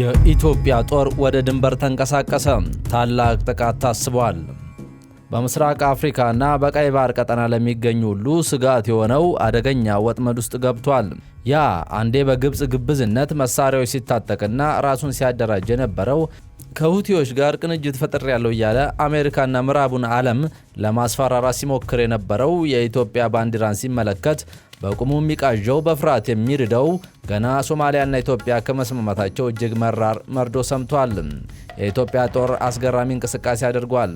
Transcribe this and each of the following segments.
የኢትዮጵያ ጦር ወደ ድንበር ተንቀሳቀሰ። ታላቅ ጥቃት ታስቧል። በምስራቅ አፍሪካ በቀይ ባህር ቀጠና ለሚገኙ ሁሉ ስጋት የሆነው አደገኛ ወጥመድ ውስጥ ገብቷል። ያ አንዴ በግብፅ ግብዝነት መሳሪያዎች ሲታጠቅና ራሱን ሲያደራጅ የነበረው ከሁቲዎች ጋር ቅንጅት ፈጥር ያለው እያለ አሜሪካና ምዕራቡን ዓለም ለማስፈራራት ሲሞክር የነበረው የኢትዮጵያ ባንዲራን ሲመለከት በቁሙ የሚቃዣው በፍርሃት የሚርደው ገና ሶማሊያና ኢትዮጵያ ከመስማማታቸው እጅግ መራር መርዶ ሰምቷል። የኢትዮጵያ ጦር አስገራሚ እንቅስቃሴ አድርጓል።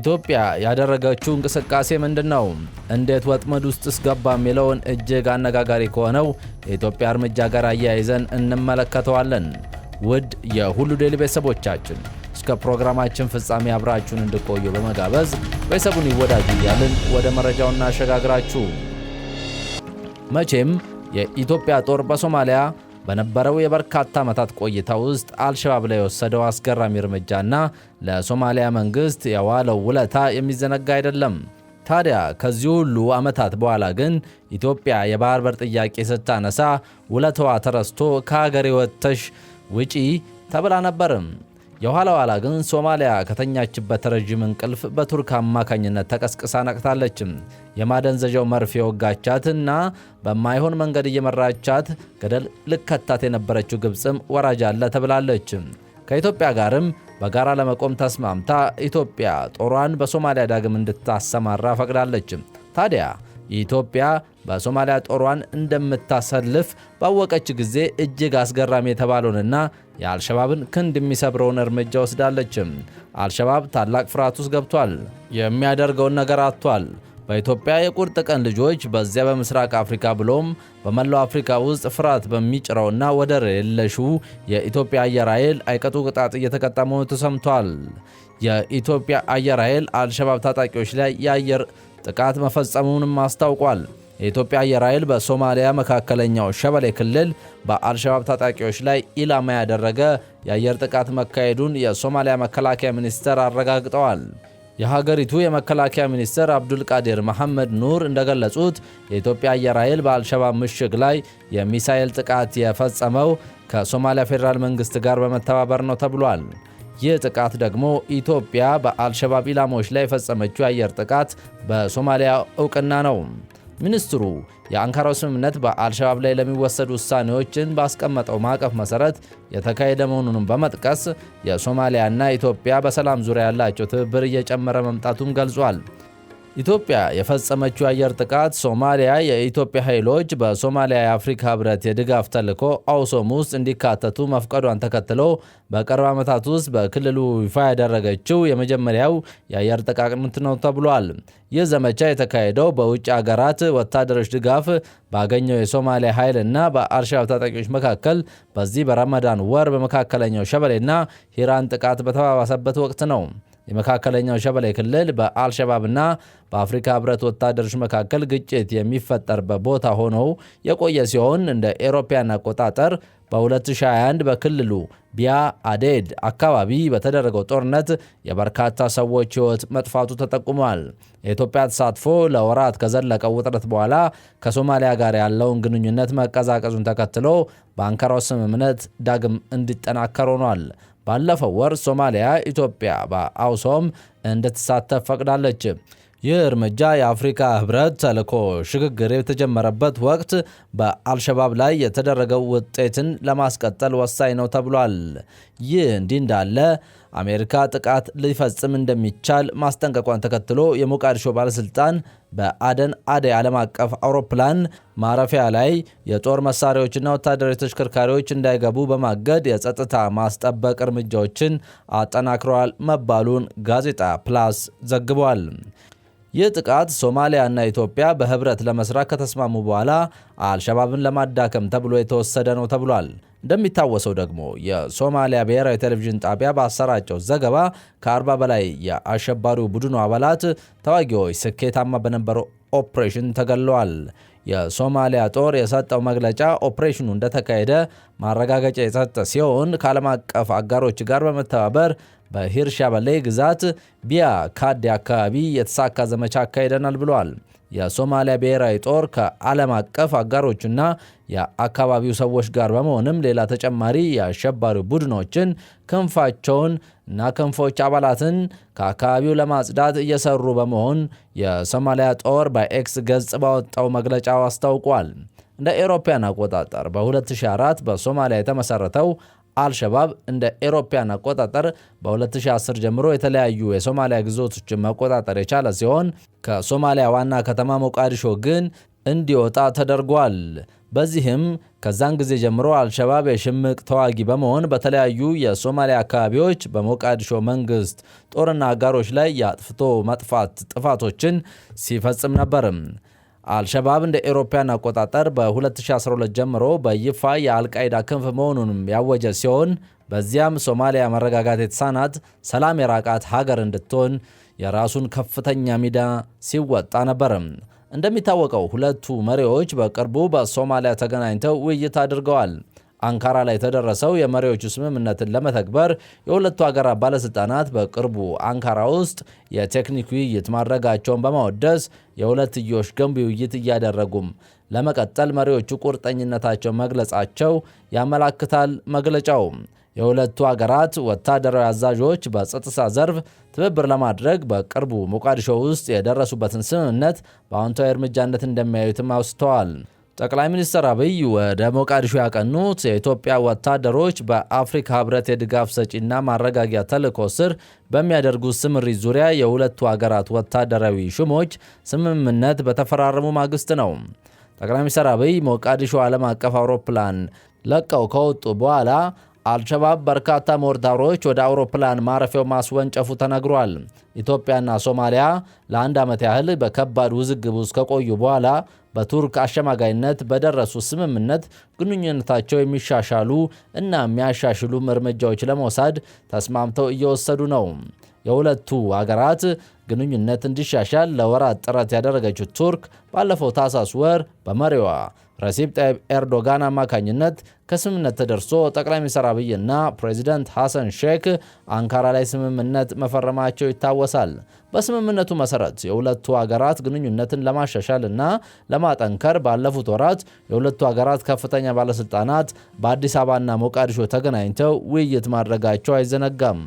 ኢትዮጵያ ያደረገችው እንቅስቃሴ ምንድን ነው? እንዴት ወጥመድ ውስጥ እስገባ የሚለውን እጅግ አነጋጋሪ ከሆነው የኢትዮጵያ እርምጃ ጋር አያይዘን እንመለከተዋለን። ውድ የሁሉ ዴይሊ ቤተሰቦቻችን እስከ ፕሮግራማችን ፍጻሜ አብራችሁን እንድቆዩ በመጋበዝ ቤተሰቡን ይወዳጁ እያልን ወደ መረጃው እናሸጋግራችሁ። መቼም የኢትዮጵያ ጦር በሶማሊያ በነበረው የበርካታ ዓመታት ቆይታ ውስጥ አልሸባብ ላይ የወሰደው አስገራሚ እርምጃና ለሶማሊያ መንግሥት የዋለው ውለታ የሚዘነጋ አይደለም። ታዲያ ከዚህ ሁሉ ዓመታት በኋላ ግን ኢትዮጵያ የባህር በር ጥያቄ ስታነሳ ውለታዋ ተረስቶ ከሀገር ወጥተሽ ውጪ ተብላ ነበርም። የኋላ ኋላ ግን ሶማሊያ ከተኛችበት ረዥም እንቅልፍ በቱርክ አማካኝነት ተቀስቅሳ ነቅታለች። የማደንዘዣው መርፌ ወጋቻት እና በማይሆን መንገድ እየመራቻት ገደል ልከታት የነበረችው ግብፅም ወራጅ አለ ተብላለች። ከኢትዮጵያ ጋርም በጋራ ለመቆም ተስማምታ ኢትዮጵያ ጦሯን በሶማሊያ ዳግም እንድታሰማራ ፈቅዳለች። ታዲያ የኢትዮጵያ በሶማሊያ ጦሯን እንደምታሰልፍ ባወቀች ጊዜ እጅግ አስገራሚ የተባለውንና የአልሸባብን ክንድ የሚሰብረውን እርምጃ ወስዳለችም። አልሸባብ ታላቅ ፍርሃት ውስጥ ገብቷል። የሚያደርገውን ነገር አጥቷል። በኢትዮጵያ የቁርጥ ቀን ልጆች በዚያ በምስራቅ አፍሪካ ብሎም በመላው አፍሪካ ውስጥ ፍርሃት በሚጭረውና ወደር የለሹ የኢትዮጵያ አየር ኃይል አይቀጡ ቅጣት እየተቀጣ መሆኑ ተሰምቷል። የኢትዮጵያ አየር ኃይል አልሸባብ ታጣቂዎች ላይ የአየር ጥቃት መፈጸሙንም አስታውቋል። የኢትዮጵያ አየር ኃይል በሶማሊያ መካከለኛው ሸበሌ ክልል በአልሸባብ ታጣቂዎች ላይ ኢላማ ያደረገ የአየር ጥቃት መካሄዱን የሶማሊያ መከላከያ ሚኒስቴር አረጋግጠዋል። የሀገሪቱ የመከላከያ ሚኒስትር አብዱልቃዲር መሐመድ ኑር እንደገለጹት የኢትዮጵያ አየር ኃይል በአልሸባብ ምሽግ ላይ የሚሳኤል ጥቃት የፈጸመው ከሶማሊያ ፌዴራል መንግስት ጋር በመተባበር ነው ተብሏል። ይህ ጥቃት ደግሞ ኢትዮጵያ በአልሸባብ ኢላማዎች ላይ የፈጸመችው የአየር ጥቃት በሶማሊያ እውቅና ነው። ሚኒስትሩ የአንካራው ስምምነት በአልሸባብ ላይ ለሚወሰዱ ውሳኔዎችን ባስቀመጠው ማዕቀፍ መሰረት የተካሄደ መሆኑንም በመጥቀስ የሶማሊያና ኢትዮጵያ በሰላም ዙሪያ ያላቸው ትብብር እየጨመረ መምጣቱም ገልጿል። ኢትዮጵያ የፈጸመችው የአየር ጥቃት ሶማሊያ የኢትዮጵያ ኃይሎች በሶማሊያ የአፍሪካ ህብረት የድጋፍ ተልዕኮ አውሶም ውስጥ እንዲካተቱ መፍቀዷን ተከትሎ በቅርብ ዓመታት ውስጥ በክልሉ ይፋ ያደረገችው የመጀመሪያው የአየር ጥቃት ነው ተብሏል። ይህ ዘመቻ የተካሄደው በውጭ አገራት ወታደሮች ድጋፍ ባገኘው የሶማሊያ ኃይል እና በአልሸባብ ታጣቂዎች መካከል በዚህ በረመዳን ወር በመካከለኛው ሸበሌና ሂራን ጥቃት በተባባሰበት ወቅት ነው። የመካከለኛው ሸበሌ ክልል በአልሸባብና በአፍሪካ ህብረት ወታደሮች መካከል ግጭት የሚፈጠርበት ቦታ ሆነው የቆየ ሲሆን እንደ ኤሮፓያን አቆጣጠር በ2021 በክልሉ ቢያ አዴድ አካባቢ በተደረገው ጦርነት የበርካታ ሰዎች ሕይወት መጥፋቱ ተጠቁሟል። የኢትዮጵያ ተሳትፎ ለወራት ከዘለቀው ውጥረት በኋላ ከሶማሊያ ጋር ያለውን ግንኙነት መቀዛቀዙን ተከትሎ በአንካራው ስምምነት ዳግም እንዲጠናከር ሆኗል። ባለፈው ወር ሶማሊያ ኢትዮጵያ በአውሶም እንድትሳተፍ ፈቅዳለች። ይህ እርምጃ የአፍሪካ ህብረት ተልዕኮ ሽግግር የተጀመረበት ወቅት በአልሸባብ ላይ የተደረገው ውጤትን ለማስቀጠል ወሳኝ ነው ተብሏል። ይህ እንዲህ እንዳለ አሜሪካ ጥቃት ሊፈጽም እንደሚቻል ማስጠንቀቋን ተከትሎ የሞቃዲሾ ባለስልጣን በአደን አደይ ዓለም አቀፍ አውሮፕላን ማረፊያ ላይ የጦር መሳሪያዎችና ወታደራዊ ተሽከርካሪዎች እንዳይገቡ በማገድ የጸጥታ ማስጠበቅ እርምጃዎችን አጠናክረዋል መባሉን ጋዜጣ ፕላስ ዘግቧል። ይህ ጥቃት ሶማሊያና ኢትዮጵያ በህብረት ለመስራት ከተስማሙ በኋላ አልሸባብን ለማዳከም ተብሎ የተወሰደ ነው ተብሏል። እንደሚታወሰው ደግሞ የሶማሊያ ብሔራዊ ቴሌቪዥን ጣቢያ በአሰራጨው ዘገባ ከአርባ በላይ የአሸባሪው ቡድኑ አባላት ተዋጊዎች ስኬታማ በነበረው ኦፕሬሽን ተገለዋል። የሶማሊያ ጦር የሰጠው መግለጫ ኦፕሬሽኑ እንደተካሄደ ማረጋገጫ የሰጠ ሲሆን ከዓለም አቀፍ አጋሮች ጋር በመተባበር በሂርሻ ግዛት ቢያ ካዴ አካባቢ የተሳካ ዘመቻ አካሂደናል ብለዋል። የሶማሊያ ብሔራዊ ጦር ከዓለም አቀፍ አጋሮችና የአካባቢው ሰዎች ጋር በመሆንም ሌላ ተጨማሪ የአሸባሪ ቡድኖችን ክንፋቸውን እና ክንፎች አባላትን ከአካባቢው ለማጽዳት እየሰሩ በመሆን የሶማሊያ ጦር በኤክስ ገጽ ባወጣው መግለጫው አስታውቋል። እንደ ኤሮፓያን አቆጣጠር በ2004 በሶማሊያ የተመሰረተው አልሸባብ እንደ ኤሮፓያን አቆጣጠር በ2010 ጀምሮ የተለያዩ የሶማሊያ ግዞቶችን መቆጣጠር የቻለ ሲሆን ከሶማሊያ ዋና ከተማ ሞቃዲሾ ግን እንዲወጣ ተደርጓል። በዚህም ከዛን ጊዜ ጀምሮ አልሸባብ የሽምቅ ተዋጊ በመሆን በተለያዩ የሶማሊያ አካባቢዎች በሞቃዲሾ መንግስት ጦርና አጋሮች ላይ የአጥፍቶ መጥፋት ጥፋቶችን ሲፈጽም ነበርም። አልሸባብ እንደ ኤሮፓያን አቆጣጠር በ2012 ጀምሮ በይፋ የአልቃይዳ ክንፍ መሆኑንም ያወጀ ሲሆን በዚያም ሶማሊያ መረጋጋት የተሳናት ሰላም የራቃት ሀገር እንድትሆን የራሱን ከፍተኛ ሚዳ ሲወጣ ነበርም። እንደሚታወቀው ሁለቱ መሪዎች በቅርቡ በሶማሊያ ተገናኝተው ውይይት አድርገዋል። አንካራ ላይ የተደረሰው የመሪዎቹ ስምምነትን ለመተግበር የሁለቱ ሀገራት ባለስልጣናት በቅርቡ አንካራ ውስጥ የቴክኒክ ውይይት ማድረጋቸውን በማወደስ የሁለትዮሽ ገንቢ ውይይት እያደረጉም ለመቀጠል መሪዎቹ ቁርጠኝነታቸውን መግለጻቸው ያመላክታል መግለጫው። የሁለቱ ሀገራት ወታደራዊ አዛዦች በጸጥታ ዘርፍ ትብብር ለማድረግ በቅርቡ ሞቃዲሾ ውስጥ የደረሱበትን ስምምነት በአዎንታዊ እርምጃነት እንደሚያዩትም አውስተዋል። ጠቅላይ ሚኒስትር አብይ ወደ ሞቃዲሾ ያቀኑት የኢትዮጵያ ወታደሮች በአፍሪካ ህብረት የድጋፍ ሰጪና ማረጋጊያ ተልዕኮ ስር በሚያደርጉት ስምሪት ዙሪያ የሁለቱ አገራት ወታደራዊ ሹሞች ስምምነት በተፈራረሙ ማግስት ነው። ጠቅላይ ሚኒስትር አብይ ሞቃዲሾ ዓለም አቀፍ አውሮፕላን ለቀው ከወጡ በኋላ አልሸባብ በርካታ ሞርታሮች ወደ አውሮፕላን ማረፊያው ማስወንጨፉ ተነግሯል። ኢትዮጵያና ሶማሊያ ለአንድ ዓመት ያህል በከባድ ውዝግብ ውስጥ ከቆዩ በኋላ በቱርክ አሸማጋይነት በደረሱ ስምምነት ግንኙነታቸው የሚሻሻሉ እና የሚያሻሽሉም እርምጃዎች ለመውሰድ ተስማምተው እየወሰዱ ነው። የሁለቱ አገራት ግንኙነት እንዲሻሻል ለወራት ጥረት ያደረገችው ቱርክ ባለፈው ታህሳስ ወር በመሪዋ ረሲብ ጣይብ ኤርዶጋን አማካኝነት ከስምምነት ተደርሶ ጠቅላይ ሚኒስትር አብይና ፕሬዚደንት ሐሰን ሼክ አንካራ ላይ ስምምነት መፈረማቸው ይታወሳል። በስምምነቱ መሰረት የሁለቱ ሀገራት ግንኙነትን ለማሻሻል እና ለማጠንከር ባለፉት ወራት የሁለቱ ሀገራት ከፍተኛ ባለሥልጣናት በአዲስ አበባና ሞቃዲሾ ተገናኝተው ውይይት ማድረጋቸው አይዘነጋም።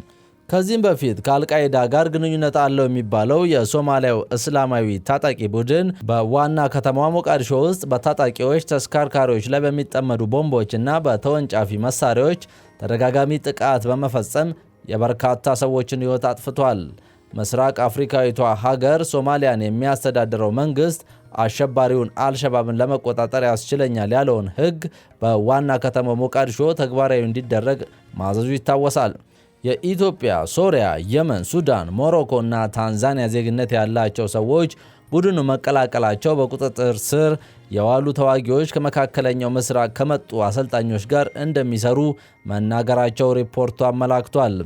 ከዚህም በፊት ከአልቃይዳ ጋር ግንኙነት አለው የሚባለው የሶማሊያው እስላማዊ ታጣቂ ቡድን በዋና ከተማ ሞቃዲሾ ውስጥ በታጣቂዎች ተሽከርካሪዎች ላይ በሚጠመዱ ቦምቦችና በተወንጫፊ መሳሪያዎች ተደጋጋሚ ጥቃት በመፈጸም የበርካታ ሰዎችን ሕይወት አጥፍቷል። ምስራቅ አፍሪካዊቷ ሀገር ሶማሊያን የሚያስተዳድረው መንግስት አሸባሪውን አልሸባብን ለመቆጣጠር ያስችለኛል ያለውን ሕግ በዋና ከተማ ሞቃዲሾ ተግባራዊ እንዲደረግ ማዘዙ ይታወሳል። የኢትዮጵያ፣ ሶሪያ፣ የመን፣ ሱዳን፣ ሞሮኮ እና ታንዛኒያ ዜግነት ያላቸው ሰዎች ቡድኑ መቀላቀላቸው በቁጥጥር ስር የዋሉ ተዋጊዎች ከመካከለኛው ምስራቅ ከመጡ አሰልጣኞች ጋር እንደሚሰሩ መናገራቸው ሪፖርቱ አመላክቷል።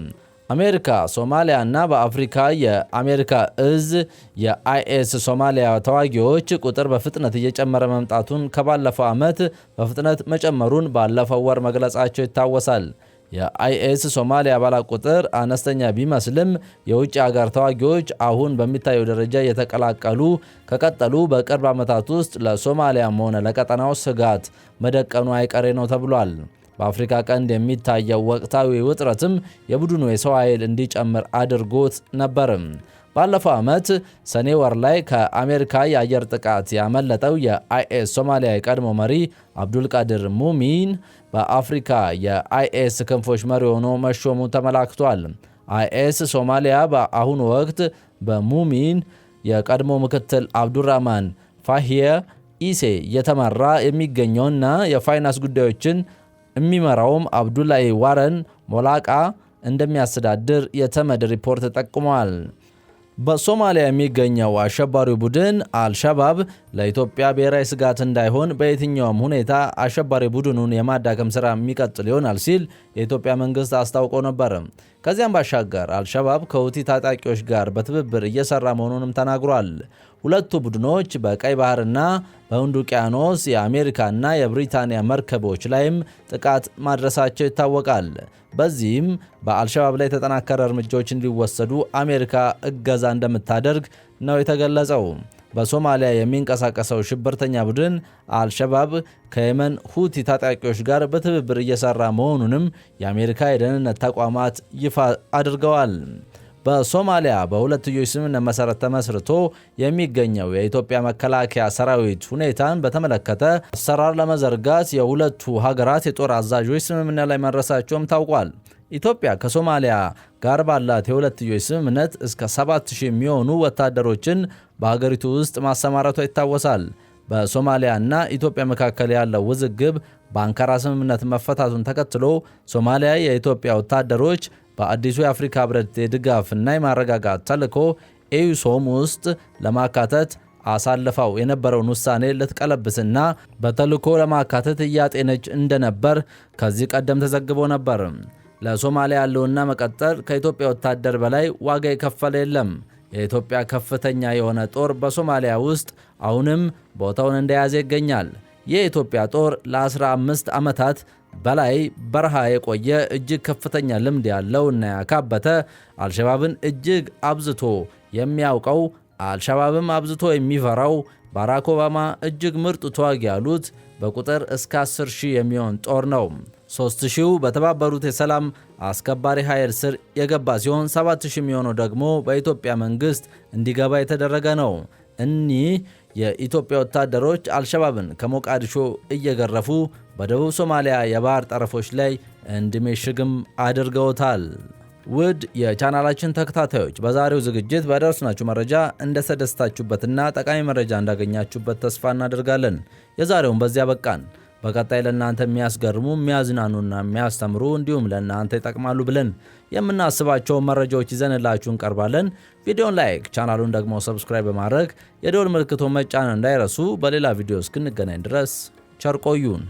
አሜሪካ፣ ሶማሊያ እና በአፍሪካ የአሜሪካ እዝ የአይኤስ ሶማሊያ ተዋጊዎች ቁጥር በፍጥነት እየጨመረ መምጣቱን ከባለፈው ዓመት በፍጥነት መጨመሩን ባለፈው ወር መግለጻቸው ይታወሳል። የአይኤስ ሶማሊያ አባላት ቁጥር አነስተኛ ቢመስልም የውጭ አገር ተዋጊዎች አሁን በሚታየው ደረጃ የተቀላቀሉ ከቀጠሉ በቅርብ ዓመታት ውስጥ ለሶማሊያም ሆነ ለቀጠናው ስጋት መደቀኑ አይቀሬ ነው ተብሏል። በአፍሪካ ቀንድ የሚታየው ወቅታዊ ውጥረትም የቡድኑ የሰው ኃይል እንዲጨምር አድርጎት ነበርም። ባለፈው ዓመት ሰኔ ወር ላይ ከአሜሪካ የአየር ጥቃት ያመለጠው የአይኤስ ሶማሊያ የቀድሞ መሪ አብዱልቃድር ሙሚን በአፍሪካ የአይኤስ ክንፎች መሪ ሆኖ መሾሙ ተመላክቷል። አይኤስ ሶማሊያ በአሁኑ ወቅት በሙሚን የቀድሞ ምክትል አብዱራህማን ፋሂየ ኢሴ እየተመራ የሚገኘውና የፋይናንስ ጉዳዮችን የሚመራውም አብዱላይ ዋረን ሞላቃ እንደሚያስተዳድር የተመድ ሪፖርት ጠቁሟል። በሶማሊያ የሚገኘው አሸባሪው ቡድን አልሸባብ ለኢትዮጵያ ብሔራዊ ስጋት እንዳይሆን በየትኛውም ሁኔታ አሸባሪ ቡድኑን የማዳከም ሥራ የሚቀጥል ይሆናል ሲል የኢትዮጵያ መንግሥት አስታውቆ ነበር። ከዚያም ባሻገር አልሸባብ ከውቲ ታጣቂዎች ጋር በትብብር እየሰራ መሆኑንም ተናግሯል። ሁለቱ ቡድኖች በቀይ ባህርና በህንድ ውቅያኖስ የአሜሪካና የብሪታንያ መርከቦች ላይም ጥቃት ማድረሳቸው ይታወቃል። በዚህም በአልሸባብ ላይ የተጠናከረ እርምጃዎች እንዲወሰዱ አሜሪካ እገዛ እንደምታደርግ ነው የተገለጸው። በሶማሊያ የሚንቀሳቀሰው ሽብርተኛ ቡድን አልሸባብ ከየመን ሁቲ ታጣቂዎች ጋር በትብብር እየሰራ መሆኑንም የአሜሪካ የደህንነት ተቋማት ይፋ አድርገዋል። በሶማሊያ በሁለትዮሽ ስምምነት መሰረት ተመስርቶ የሚገኘው የኢትዮጵያ መከላከያ ሰራዊት ሁኔታን በተመለከተ አሰራር ለመዘርጋት የሁለቱ ሀገራት የጦር አዛዦች ስምምነት ላይ መድረሳቸውም ታውቋል። ኢትዮጵያ ከሶማሊያ ጋር ባላት የሁለትዮሽ ስምምነት እስከ 7000 የሚሆኑ ወታደሮችን በሀገሪቱ ውስጥ ማሰማራቷ ይታወሳል። በሶማሊያና ኢትዮጵያ መካከል ያለው ውዝግብ በአንካራ ስምምነት መፈታቱን ተከትሎ ሶማሊያ የኢትዮጵያ ወታደሮች በአዲሱ የአፍሪካ ህብረት የድጋፍና የማረጋጋት ተልዕኮ ኤዩሶም ውስጥ ለማካተት አሳልፈው የነበረውን ውሳኔ ልትቀለብስና በተልዕኮ ለማካተት እያጤነች እንደነበር ከዚህ ቀደም ተዘግቦ ነበር። ለሶማሊያ ያለውና መቀጠል ከኢትዮጵያ ወታደር በላይ ዋጋ የከፈለ የለም። የኢትዮጵያ ከፍተኛ የሆነ ጦር በሶማሊያ ውስጥ አሁንም ቦታውን እንደያዘ ይገኛል። የኢትዮጵያ ጦር ለ15 ዓመታት በላይ በረሃ የቆየ እጅግ ከፍተኛ ልምድ ያለው እና ያካበተ አልሸባብን እጅግ አብዝቶ የሚያውቀው አልሸባብም አብዝቶ የሚፈራው ባራክ ኦባማ እጅግ ምርጡ ተዋጊ ያሉት በቁጥር እስከ 10 ሺህ የሚሆን ጦር ነው። 3 ሺው በተባበሩት የሰላም አስከባሪ ኃይል ስር የገባ ሲሆን 7 ሺህ የሚሆነው ደግሞ በኢትዮጵያ መንግሥት እንዲገባ የተደረገ ነው። እኒህ የኢትዮጵያ ወታደሮች አልሸባብን ከሞቃዲሾ እየገረፉ በደቡብ ሶማሊያ የባህር ጠረፎች ላይ ሽግም አድርገውታል። ውድ የቻናላችን ተከታታዮች በዛሬው ዝግጅት በደረስናችሁ መረጃ እንደተደሰታችሁበትና ጠቃሚ መረጃ እንዳገኛችሁበት ተስፋ እናደርጋለን። የዛሬውን በዚያ በቃን። በቀጣይ ለእናንተ የሚያስገርሙ የሚያዝናኑና የሚያስተምሩ እንዲሁም ለእናንተ ይጠቅማሉ ብለን የምናስባቸውን መረጃዎች ይዘንላችሁ እንቀርባለን። ቪዲዮን ላይክ፣ ቻናሉን ደግሞ ሰብስክራይብ በማድረግ የደወል ምልክቶ መጫን እንዳይረሱ። በሌላ ቪዲዮ እስክንገናኝ ድረስ ቸርቆዩን